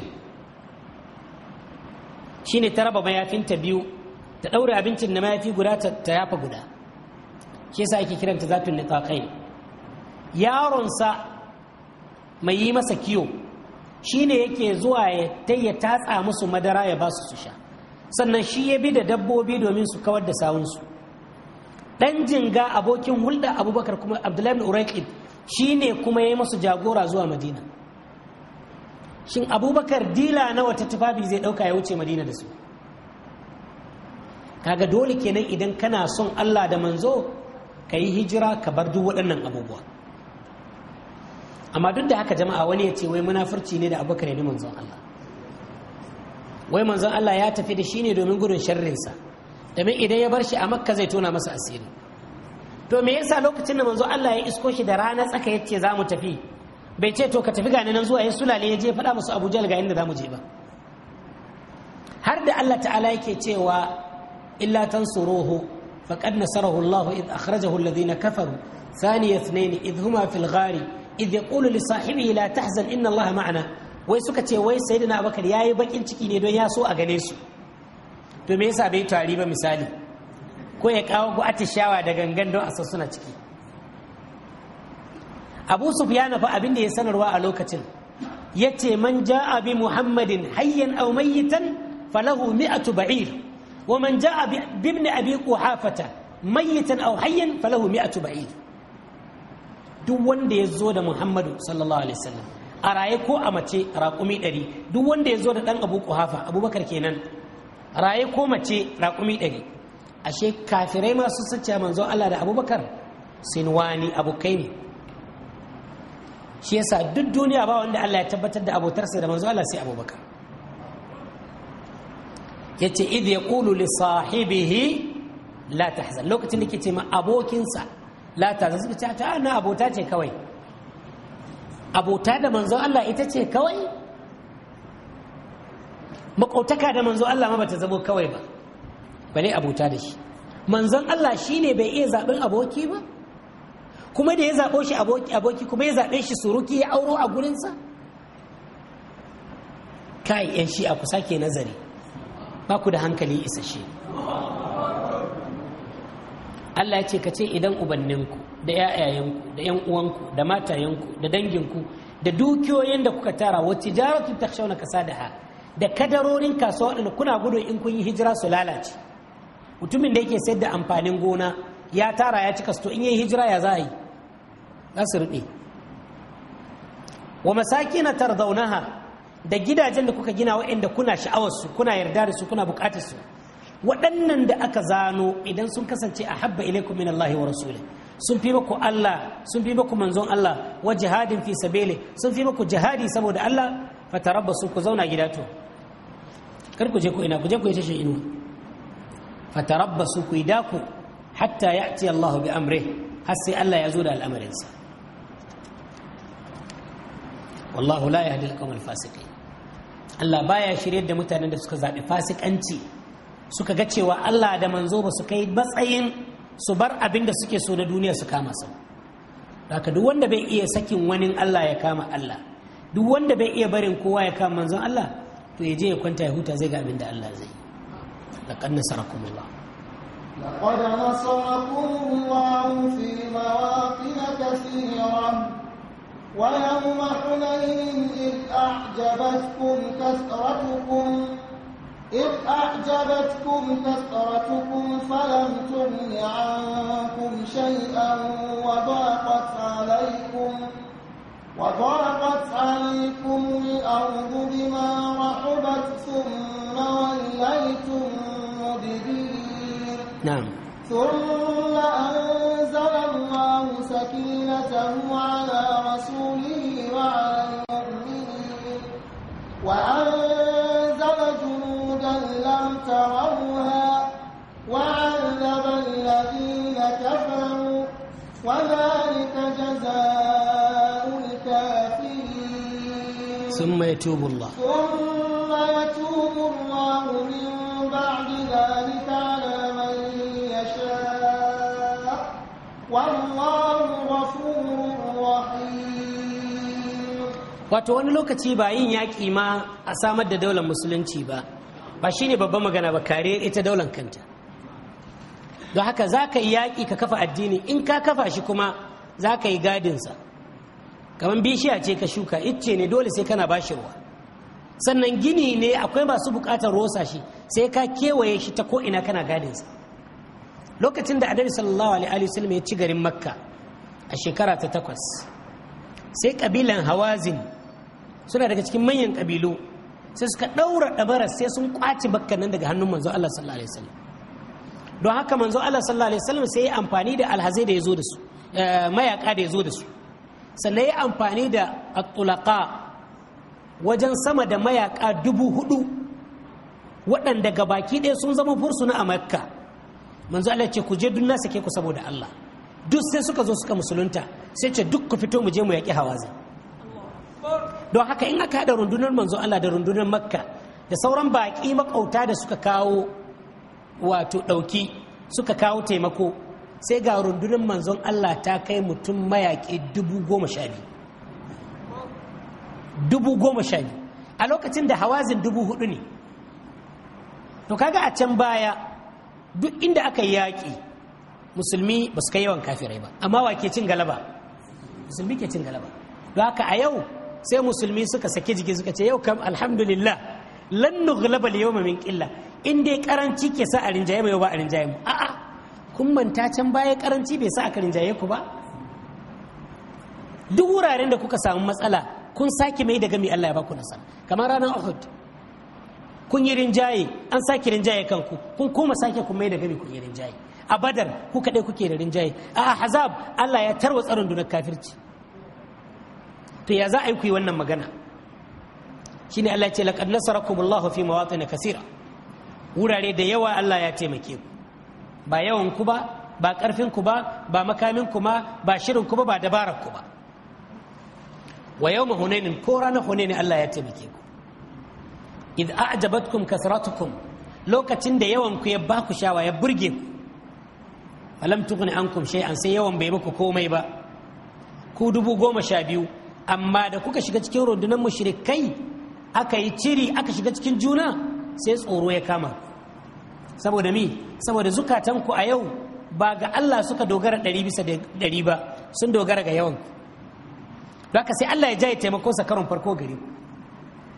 shine ta raba mayafinta biyu ta ɗaure abincin na mayafi guda ta yafa guda shi yasa ake kiranta zafin Yaron yaronsa mai yi masa kiyo shine yake zuwa ya tatsa musu madara ya ba su su sha sannan shi ya bi da dabbobi domin su kawar da sawunsu dan jinga abokin hulɗa abubakar kuma abdullahi bin shi ne kuma ya yi masu jagora zuwa madina shin abubakar dila na wata tufafi zai ɗauka ya wuce madina da su kaga dole kenan idan kana son allah da manzo ka yi hijira ka bar duk waɗannan abubuwa amma duk da haka jama'a wani ya ce wai munafurci ne da abubakar ya bi manzon allah wai manzon Allah ya tafi da shi ne domin gudun sharrinsa domin idan ya bar shi a makka zai tona masa asiri to me yasa lokacin da manzo Allah ya isko shi da rana tsaka ya ce za mu tafi bai ce to ka tafi gani nan zuwa ya sulale ya je faɗa musu Abu Jahl ga inda za mu je ba har da Allah ta'ala yake cewa illa tansuruhu faqad nasarahu Allah id akhrajahu alladhina kafaru thaniya ithnain idh huma fil ghari idh yaqulu li sahibihi la tahzan inna Allah ma'ana wai suka ce wai sayyidina abubakar yi bakin ciki ne don ya so a gane su to me yasa bai tari ba misali ko ya kawo gu'ati shawa da gangan don a san suna ciki abu sufyan fa abin da ya sanarwa a lokacin ce man ja'a bi muhammadin hayyan aw mayyitan falahu mi'atu ba'ir wa man ja'a bi ibn abi quhafata mayyitan aw hayyan falahu mi'atu ba'ir duk wanda ya zo da muhammadu sallallahu alaihi wasallam a raye ko a mace raƙumi ɗari duk wanda ya zo da ɗan abu kuhafa abubakar kenan raye ko mace raƙumi ɗari ashe kafirai masu sace manzo Allah da abubakar sinwani abokai ne shi yasa duk duniya ba wanda Allah ya tabbatar da abotarsa da manzo Allah sai abubakar yace idh ya li sahibihi la tahzan lokacin da ke ce ma abokinsa la tahzan suka ce ah, ta na abota ce kawai abota da manzon Allah ita ce kawai makautaka da manzon Allah ma bata zamo kawai ba bane abota da shi manzon Allah shine bai iya zaɓin aboki ba kuma da ya zaɓo shi aboki kuma ya zaɓe shi suruki ya auro a gurinsa kai yan shi a kusa ke nazari ba ku da hankali isa shi. Allah ya ce ka ce idan ubanninku da yayayanku da yan uwanku da matayenku da danginku da dukiyoyin da kuka tara wa tijaratu takhshawna kasadaha da kadarorin kasuwa da kuna gudu in kun yi hijira su lalace mutumin da yake sayar da amfanin gona ya tara ya cika to in yi hijira ya za yi za su rube wa masakina tardaunaha da gidajen da kuka gina waɗanda kuna sha'awar su kuna yarda da su kuna bukatar su waɗannan da aka zano idan sun kasance a habba ilaikum min Allah wa rasuli sun fi muku Allah sun fi muku manzon Allah wa jihadin fi sabili sun fi muku jihadi saboda Allah fatarabbasu ku zauna gida to kar ku je ku ina ku je ku yi tashin inuwa fatarabbasu ku yi daku hatta ya'ti Allah bi amri har sai Allah ya zo da al'amarinsa wallahu la yahdi al-qawm al-fasiqin Allah baya shirye da mutanen da suka zaɓi fasikanci suka ga cewa Allah da manzo ba su kai matsayin su bar abin da suke so na duniya su kama sau haka duk wanda bai iya sakin wani Allah ya kama Allah duk wanda bai iya barin kowa ya kama manzon Allah to ya je ya kwanta ya huta zai ga abin da Allah zai laqad nasarakumullah laqad nasarakumullah fi mawaqin kathira ويوم حنين إذ أعجبتكم كثرتكم إذ أعجبتكم كثرتكم فلم تغن عنكم شيئا وضاقت عليكم وضاقت عليكم الأرض بما رحبت ثم وليتم مدبرين نعم ثم أنزل الله سكينته على رسوله وعلى المؤمنين وأنزل يرونها وعذب الذين كفروا وذلك جزاء الكافرين ثم يتوب الله ثم يتوب الله من بعد ذلك على من يشاء والله غفور رحيم wato wani lokaci ba yin yaƙi ma a samar da daular musulunci ba ba shi ne babban magana ba kare ita daular kanta don haka za ka yi yaƙi ka kafa addini in ka kafa shi kuma za ka yi gadinsa kamar bishiya ce ka shuka icce ne dole sai kana ba shi ruwa sannan gini ne akwai masu buƙatar rosa shi sai ka kewaye shi ta ko'ina kana gadinsa lokacin da adari sallallahu alaihi wasallam ya ci garin makka a shekara ta takwas sai kabilan hawazin suna daga cikin manyan kabilu sai suka ɗaura ɗabarar sai sun kwace bakkan nan daga hannun manzo Allah sallallahu alaihi wasallam don haka manzo Allah sallallahu alaihi wasallam sai ya amfani da alhazai da ya zo da su eh, mayaka da ya zo da su sannan ya amfani da atulaka wajen sama da mayaka dubu hudu waɗanda ga baki ɗaya sun zama fursuna a makka manzo Allah ce ku je duk nasa ke ku saboda Allah duk sai suka zo suka musulunta sai ce duk ku fito mu je mu yaƙi hawazi don haka in aka haɗa rundunar manzo Allah da rundunar makka da sauran baƙi makauta da suka kawo wato ɗauki suka kawo taimako sai ga rundunar manzon Allah ta kai mutum mayaƙi dubu goma sha biyu dubu goma sha biyu a lokacin da hawazin dubu hudu ne to kaga a can baya duk inda aka yi yaƙi musulmi ba su kai yawan kafirai ba amma wa ke cin galaba musulmi ke cin galaba don haka a yau sai musulmi suka sake jiki suka ce yau kam alhamdulillah lan nughlaba al-yawma min qilla in dai karanci ke sa a rinjaye mu yau ba a rinjaye mu a'a kun manta can baya karanci bai sa a rinjaye ku ba duk wuraren da kuka samu matsala kun sake mai daga gami Allah ya baku nasara kamar ranar Uhud kun yi rinjaye an sake rinjaye kanku kun koma sake kun mai daga gami kun yi rinjaye a Badar ku kadai kuke da rinjaye a Ahzab Allah ya tarwa tsaron dunar kafirci to ya za a yi ku yi wannan magana shine Allah ya ce nasara nasarakumullahu fi na kasira wurare da yawa Allah ya taimake ku ba yawan ku ba ba karfin ku ba ba makamin ku ma ba shirin ku ba ba dabarar ku ba wa yawma hunainin ko ranar hunaini Allah ya taimake ku id a'jabatkum kasratukum lokacin da yawan ku ya baku shawa ya burge ku falam tughni ankum shay'an sai yawan bai muku komai ba ku dubu goma sha biyu amma da kuka shiga cikin rundunar mushrikai aka yi ciri aka shiga cikin juna sai tsoro ya kama saboda mi saboda zukatanku a yau ba ga Allah suka dogara ɗari bisa ɗari ba sun dogara ga yawan don haka sai Allah ya jaye taimako sa karon farko gari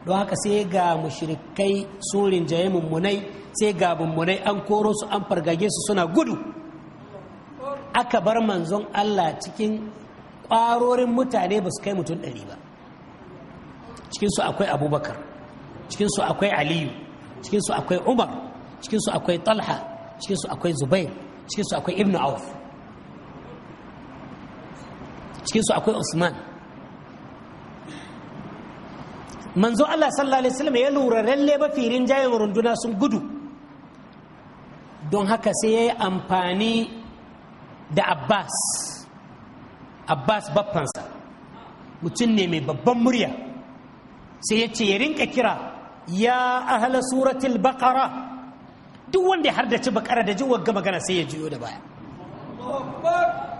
don haka sai ga mushrikai sun rinjaye mummunai sai ga mummunai an koro su an fargage su suna gudu aka bar manzon Allah cikin ƙwarorin mutane ba su kai mutum ɗari ba cikinsu akwai abubakar cikinsu akwai aliyu cikinsu akwai umar cikinsu akwai talha cikinsu akwai zubair cikinsu akwai ibn auf cikinsu akwai usman manzo allah sallallahu alaihi wasallam ya lura lalle firin rinjayen runduna sun gudu don haka sai ya yi amfani da abbas abbas baffansa mutum ne mai babban murya sai ya ce ya rinka kira ya ahala suratul baqara duk wanda ya hardace bakara da jin wagga magana sai ya juyo da baya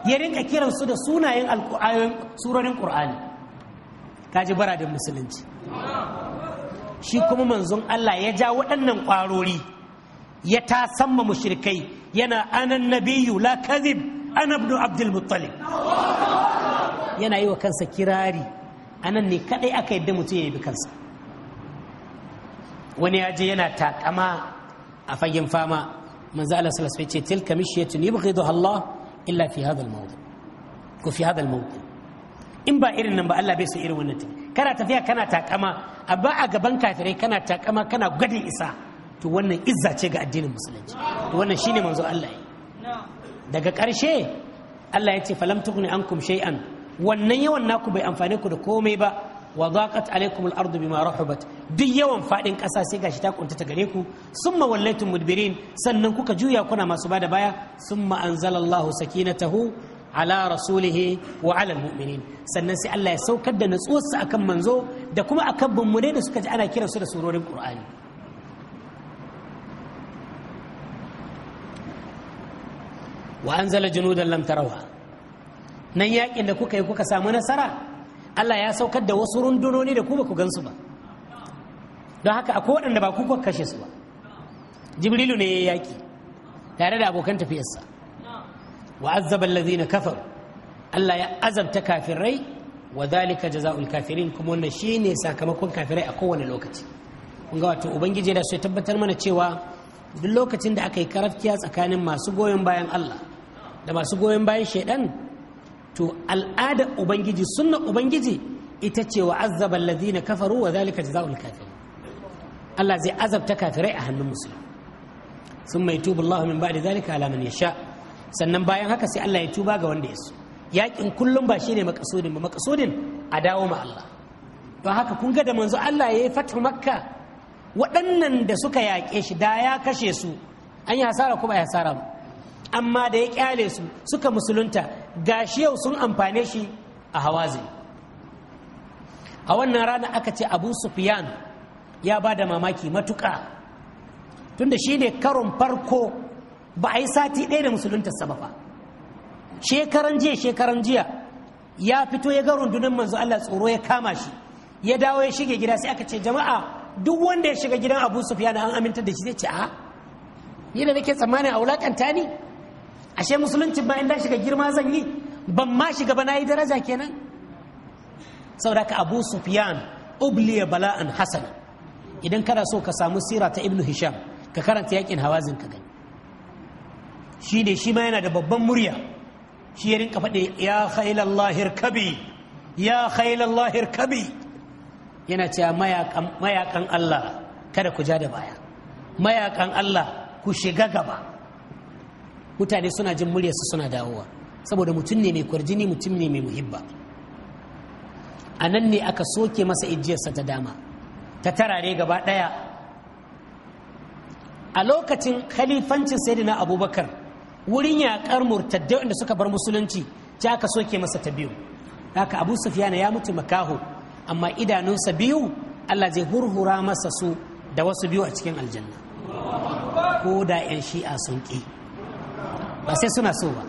ya rinka kiransu da sunayen surorin ƙur'ani kaji bara da musulunci shi kuma manzon Allah ya ja waɗannan ƙwarori ya samma mushrikai yana anan nabiyu la kadhib ana ibn abdul muttalib yana yi wa kansa kirari a nan ne kadai aka yadda mutum ya yi kansa wani ya je yana takama a fagen fama manzo Allah sallallahu alaihi ce tilka mishiyatun yubghiduha Allah illa fi hadha al-mawdi ko fi hadha al-mawdi in ba irin nan ba Allah bai so irin wannan tafi kana tafiya kana takama a ba a gaban kafirai kana takama kana gwadin isa to wannan izza ce ga addinin musulunci to wannan shine manzo Allah yi daga ƙarshe Allah ya ce falam an ankum shay'an wannan yawan naku bai amfane ku da komai ba wa daqat alaikum al-ardu bima rahabat duk yawan fadin ƙasa sai gashi ta kuntata gare ku summa wallaitum mudbirin sannan kuka juya kuna masu bada baya summa anzalallahu sakinatahu ala rasulihi wa ala almu'minin sannan sai Allah ya saukar da natsuwarsa akan manzo da kuma akan bummune da suka ji ana kiransu da surorin Qur'ani wa anzala junudan lam tarawa nan yakin da kuka yi kuka samu nasara Allah ya saukar da wasu rundunoni da ku ba ku gansu ba don haka akwai waɗanda ba ku kuka kashe su ba jibrilu ne ya yaki tare da abokan tafiyarsa wa azzaba na kafar Allah ya azabta kafirai wa zalika jazaul kafirin kuma wannan shine sakamakon kafirai a kowane lokaci kun ga wato ubangiji da su ya tabbatar mana cewa duk lokacin da aka yi karafkiya tsakanin masu goyon bayan Allah da masu goyon bayan shaidan to al'ada ubangiji sunna ubangiji ita ce wa azzaba alladhina kafaru wa zalika jazaa'ul kafirin Allah zai azabta kafirai a hannun musulmi sun mai tubu Allah min ba'da zalika ala man yasha sannan bayan haka sai Allah ya tuba ga wanda ya so yakin kullum ba shine makasudin ba makasudin a dawo ma Allah don haka kun ga da manzo Allah ya yi fatu makka waɗannan da suka yaƙe shi da ya kashe su an yi hasara kuma ya hasara mu. amma da ya kyale su suka musulunta gashi yau sun amfane shi a zai. a wannan rana aka ce abu sufyan ya ba da mamaki matuka tunda shi ne karon farko ba a yi sati ɗaya da musuluntarsa ba fa shekaran jiya shekaran jiya ya fito ya ga rundunar manzo Allah tsoro ya kama shi ya dawo ya shige gida sai aka ce jama'a duk wanda ya shiga gidan Abu Sufyan an aminta da shi zai ce a ni da nake tsammanin a wulakanta ni ashe musulunci ba inda shiga girma zan yi ban ma shiga ba na yi daraja kenan saboda ka abu sufyan ubliya bala'an Hassan, idan kana so ka samu sira ta ibnu hisham ka karanta yakin hawazin ka gani shi ne shi ma yana da babban murya shi ya rinka faɗi ya khailallahir kabi ya khailallahir kabi yana cewa mayakan Allah kada ku ja da baya mayakan Allah ku shiga gaba mutane suna jin muryarsa suna dawowa saboda mutum ne mai kwarjini mutum ne mai muhibba a nan ne aka soke masa ijiyarsa ta dama ta tarare gaba ɗaya a lokacin khalifancin sayyidina abubakar wurin yaƙar murtaddai da suka bar musulunci ta aka soke masa ta biyu haka abu sufiyana ya mutu makaho amma idanunsa biyu allah zai hurhura masa su da wasu biyu a cikin aljanna ko da 'yan shi'a sun ƙi ba sai suna so ba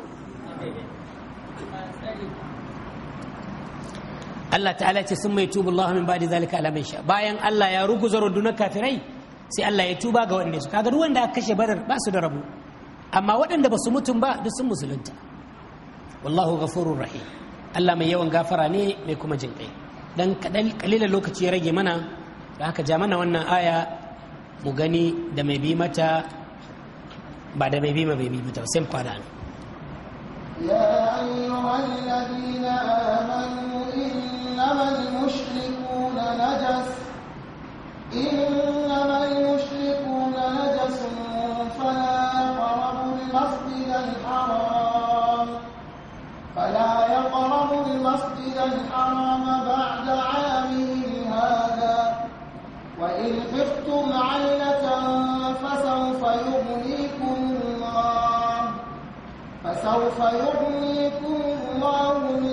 Allah ta'ala ce sun mai tubu Allah min ba'di zalika ala man sha bayan Allah ya ruguza rundunar kafirai sai Allah ya tuba ga wanda su kaga duk wanda aka kashe badar ba su da rabu amma waɗanda ba su mutum ba duk sun musulunta wallahu ghafurur rahim Allah mai yawan gafara ne mai kuma jin kai dan kadan kalilan lokaci ya rage mana da aka ja mana wannan aya mu gani da mai bi mata بعد da bai bi ma bai bi ba يا أيها الذين آمنوا إنما المشركون نجس إنما المشركون نجس فلا يقربوا المسجد الحرام فلا يقرب المسجد الحرام سوف يغنيكم الله من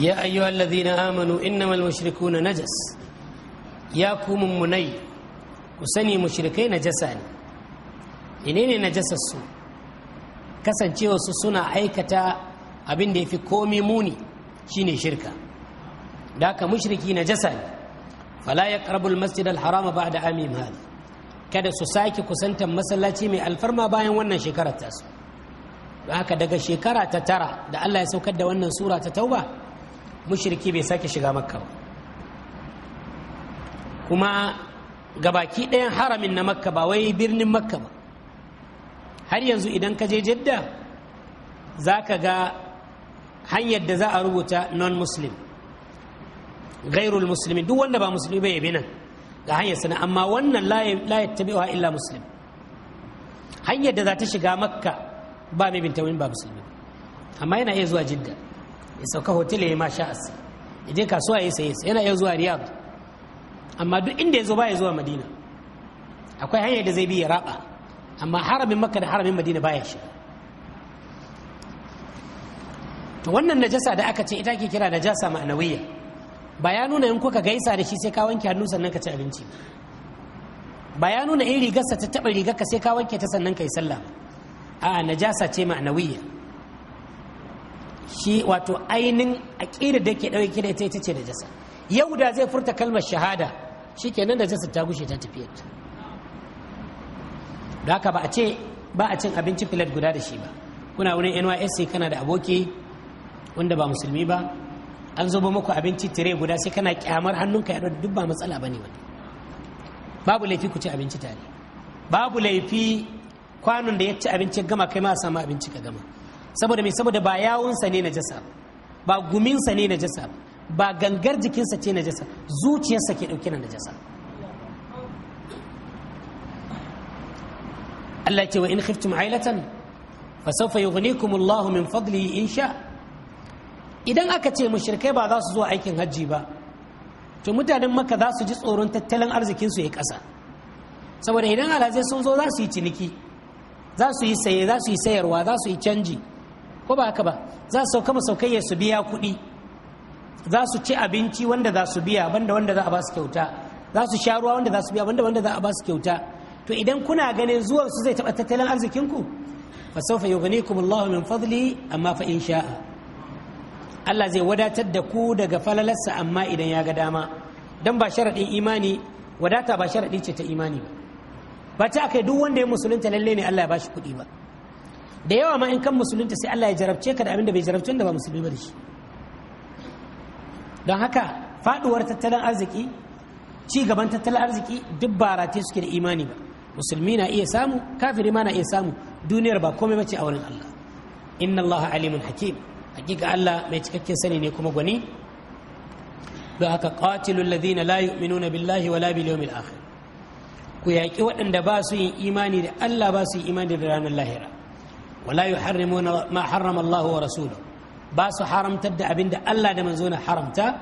يا أيها الذين آمنوا إنما المشركون نجس يا كوم مني وسني مشركي نجسان إنين نجس السوء كسن جيو سسنا أيكتا أبين دي في كومي موني شيني شركة داك مشركي نجسان فلا يقرب المسجد الحرام بعد عامهم هذا kada su sake kusantar masallaci mai alfarma bayan wannan shekarar tasu don haka daga shekara ta tara da Allah ya saukar da wannan sura ta tauba mushriki bai sake shiga makka ba kuma gabaki ɗayan haramin na makka ba wai birnin makka ba har yanzu idan ka je jidda za ka ga hanyar da za a rubuta non-muslim gairul musulmi duk wanda ba musulmi bai yabi nan ga hanyar sana amma wannan la yattabi'uha illa muslim hanyar da za ta shiga makka ba mai ba musulmi amma yana iya zuwa jidda ya sauka hotel ya ma sha'as ya je kasuwa ya saye yana iya zuwa riyadh amma duk inda ya zo ba ya zuwa madina akwai hanyar da zai bi ya raba amma haramin makka da haramin madina baya shi to wannan najasa da aka ce ita ke kira najasa ma'anawiyya ba ya nuna in kuka gaisa da shi sai ka wanke hannu sannan ka ci abinci ba ya nuna in rigarsa ta taba rigarka sai ka wanke ta sannan ka yi sallah a'a najasa ce ma'anawiyya shi wato ainin aqidar da ke ɗauki da ita ita ce najasa yau da zai furta kalmar shahada shi ke da najasa ta gushe ta tafi da haka ba a ce ba a cin abinci filet guda da shi ba kuna wurin NYSC kana da aboki wanda ba musulmi ba an zo ba muku abinci tire guda sai kana kyamar hannunka ya duk ba matsala ne wani babu laifi ku ci abinci tare babu laifi kwanon da ya ci abinci gama kai ma samu abinci ka gama saboda me saboda ba yawunsa ne jasa ba guminsa ne jasa ba gangar jikinsa ce jasa zuciyarsa ke dauke na jasa. Allah ce wa in khiftum ailatan fa sawfa yughnikum Allah min fadlihi in sha idan aka ce mushrikai ba za su zo aikin hajji ba to mutanen maka za su ji tsoron tattalin arzikinsu ya kasa saboda idan alhazai sun zo za su yi ciniki za su yi saye za su yi sayarwa za su yi canji ko ba haka ba za su sauka masaukai su biya kuɗi za su ci abinci wanda za su biya banda wanda za a ba su kyauta za su sha ruwa wanda za su biya banda wanda za a ba su kyauta to idan kuna ganin zuwan su zai taɓa tattalin arzikinku fa sawfa yughnikum Allahu min fadli amma fa in sha'a Allah zai wadatar da ku daga falalarsa amma idan ya ga dama dan ba sharadin imani wadata ba sharadi ce ta imani ba ba ta akai duk wanda ya musulunta lalle ne Allah ya bashi kuɗi ba da yawa ma in kan musulunta sai Allah ya jarabce ka da abin da bai jarabce da ba musulmi ba da shi don haka faduwar tattalin arziki ci gaban tattalin arziki duk barate suke da imani ba musulmi na iya samu kafiri ma na iya samu duniyar ba komai bace a wurin Allah inna Allah alimun hakim hakika Allah mai cikakken sani ne kuma gwani don haka qatilul ladina la yu'minuna billahi wala bil yawmil akhir ku yaƙi waɗanda ba su yin imani da Allah ba su yin imani da ranar lahira wala yuharrimuna ma harrama Allah wa rasuluhu basu haramtar da abinda Allah da manzo na haramta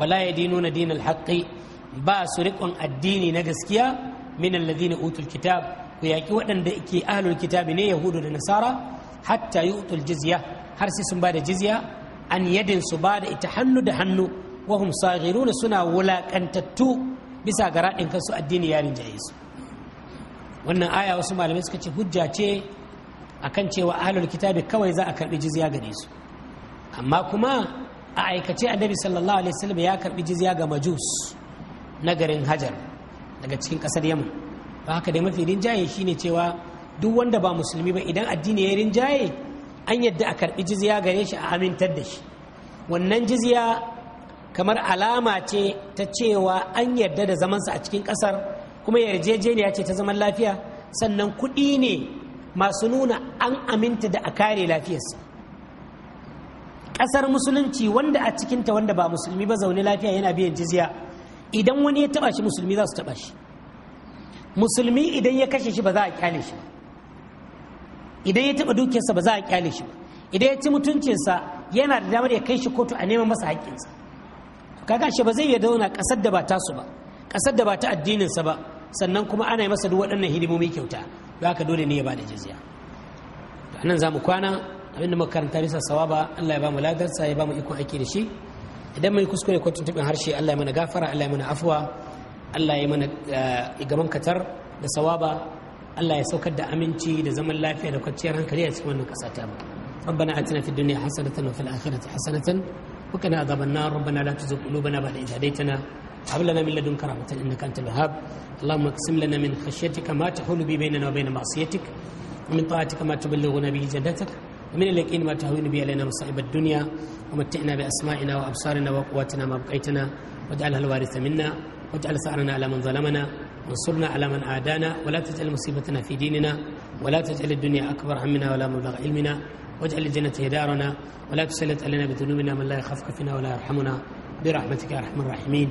wala yadinuna dinal haqqi ba su riƙon addini na gaskiya min alladhina utul kitab ku yaki waɗanda ke ahlul kitabi ne yahudu da nasara hatta yu'tul jizya har sai sun bada jizya an yadin bada ita hannu da hannu wahum saghiruna suna wulaƙantattu bisa ga raɗin kansu addini yarin jaye su wannan aya wasu malamai suka ce hujja akan cewa ahlul kitabi kawai za a karbi jizya gare su amma kuma a aikace annabi sallallahu alaihi wasallam ya karbi jizya ga majus na garin hajar daga cikin kasar yamma ba haka dai mafi rinjaye shine cewa duk wanda ba musulmi ba idan addini ya rinjaye an yadda a karbi jizya gare shi a amintar da shi wannan jizya kamar alama ce ta cewa an yadda da zamansa a cikin kasar kuma yarjejeniya ce ta zaman lafiya sannan kuɗi ne masu nuna an aminta da a kare lafiyarsa ƙasar musulunci wanda a cikinta wanda ba musulmi ba zaune lafiya yana biyan jizya idan wani ya taɓa shi musulmi za su taɓa shi musulmi idan ya kashe shi ba za a kyale shi idan ya taɓa dukiyarsa ba za a kyale shi idan ya ci mutuncinsa yana da damar ya kai shi kotu a neman masa haƙƙinsa kaga shi ba zai iya zauna ƙasar da ba tasu ba ƙasar da ba ta addininsa ba sannan kuma ana yi masa duk waɗannan hidimomi kyauta da haka dole ne ya bada jizya to nan za mu kwana abinda muka karanta bisa sawaba Allah ya bamu ladarsa ya bamu ikon aiki da shi idan mai kuskure ko tuntuɓin harshe Allah ya mana gafara Allah ya mana afuwa Allah ya mana eh, gaban katar da sawaba Allah ya saukar da aminci da zaman lafiya da kwanciyar hankali a cikin wannan ƙasa ta mu ربنا آتنا في الدنيا حسنة وفي الآخرة حسنة وقنا عذاب النار ربنا لا تزغ قلوبنا بعد إذ هديتنا هب لنا من لدنك رحمة إنك أنت الوهاب اللهم اقسم لنا من خشيتك ما تحول بي بيننا وبين معصيتك ومن طاعتك ما تبلغنا به جنتك ومن اليقين ما تهون به علينا مصائب الدنيا ومتعنا بأسمائنا وأبصارنا وقواتنا ما بقيتنا واجعلها الوارث منا واجعل ثأرنا على من ظلمنا وانصرنا على من عادانا ولا تجعل مصيبتنا في ديننا ولا تجعل الدنيا أكبر همنا ولا مبلغ علمنا واجعل الجنة هي دارنا ولا تسلط علينا بذنوبنا من لا يخافك فينا ولا يرحمنا برحمتك يا أرحم الراحمين